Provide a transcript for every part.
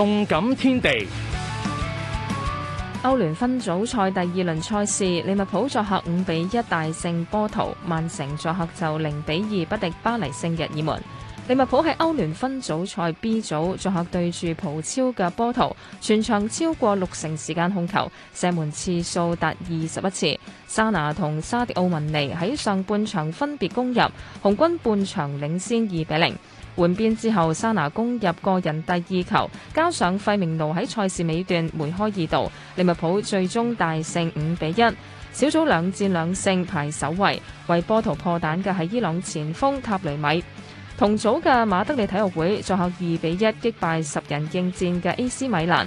動感天地。歐聯分組賽第二輪賽事，利物浦作客五比一大勝波圖，曼城作客就零比二不敵巴黎聖日耳門。利物浦喺歐聯分組賽 B 組作客對住葡超嘅波圖，全場超過六成時間控球，射門次數達二十一次。沙拿同沙迪奧文尼喺上半場分別攻入，紅軍半場領先二比零。換邊之後，沙拿攻入個人第二球，加上費明奴喺賽事尾段梅開二度，利物浦最終大勝五比一，小組兩戰兩勝排首位。為波圖破蛋嘅係伊朗前鋒塔雷米。同組嘅馬德里體育會作客二比一擊敗十人應戰嘅 AC 米蘭。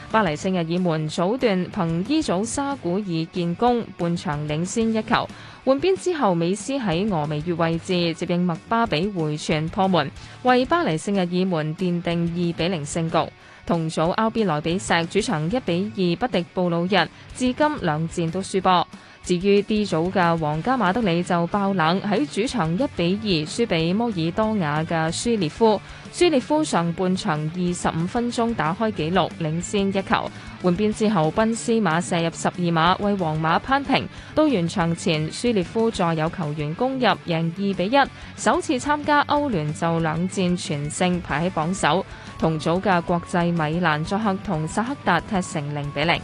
巴黎聖日耳門早段憑伊祖沙古爾建功，半場領先一球。換邊之後，美斯喺俄美月位置接應麥巴比回傳破門，為巴黎聖日耳門奠定二比零勝局。同組 RB 萊比錫主場一比二不敵布魯日，至今兩戰都輸波。至於 D 組嘅皇家馬德里就爆冷喺主場一比二輸俾摩爾多瓦嘅舒列夫。舒列夫上半場二十五分鐘打開紀錄，領先一球。換邊之後，賓施馬射入十二碼，為皇馬扳平。到完場前，舒列夫再有球員攻入，贏二比一。首次參加歐聯就兩戰全勝，排喺榜首。同組嘅國際米蘭作客同薩克達踢成零比零。